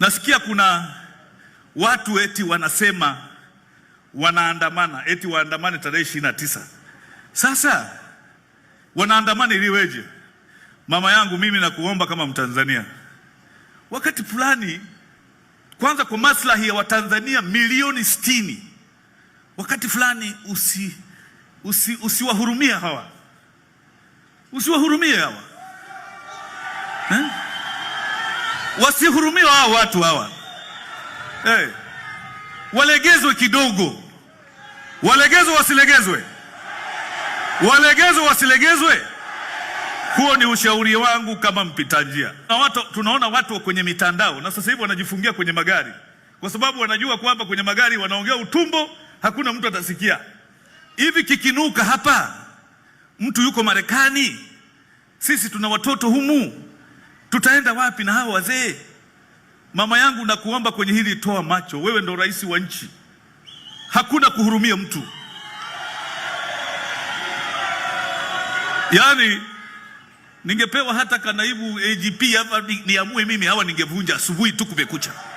Nasikia kuna watu eti wanasema wanaandamana eti waandamane tarehe ishirini na tisa. Sasa wanaandamana iliweje? Mama yangu mimi nakuomba kama Mtanzania, wakati fulani kwanza, kwa maslahi ya Watanzania milioni sitini, wakati fulani usiwahurumie usi, usi hawa usiwahurumie hawa wasihurumiwa hao watu hawa hey. Eh, walegezwe kidogo, walegezwe wasilegezwe, walegezwe wasilegezwe. Huo ni ushauri wangu kama mpita njia. Na watu, tunaona watu kwenye mitandao na sasa hivi wanajifungia kwenye magari kwa sababu wanajua kwamba kwenye magari wanaongea utumbo, hakuna mtu atasikia. Hivi kikinuka hapa, mtu yuko Marekani, sisi tuna watoto humu Tutaenda wapi na hawa wazee? Mama yangu, nakuomba kwenye hili, toa macho. Wewe ndo rais wa nchi, hakuna kuhurumia mtu. Yaani ningepewa hata kanaibu AGP hapa niamue mimi, hawa ningevunja asubuhi tu kumekucha.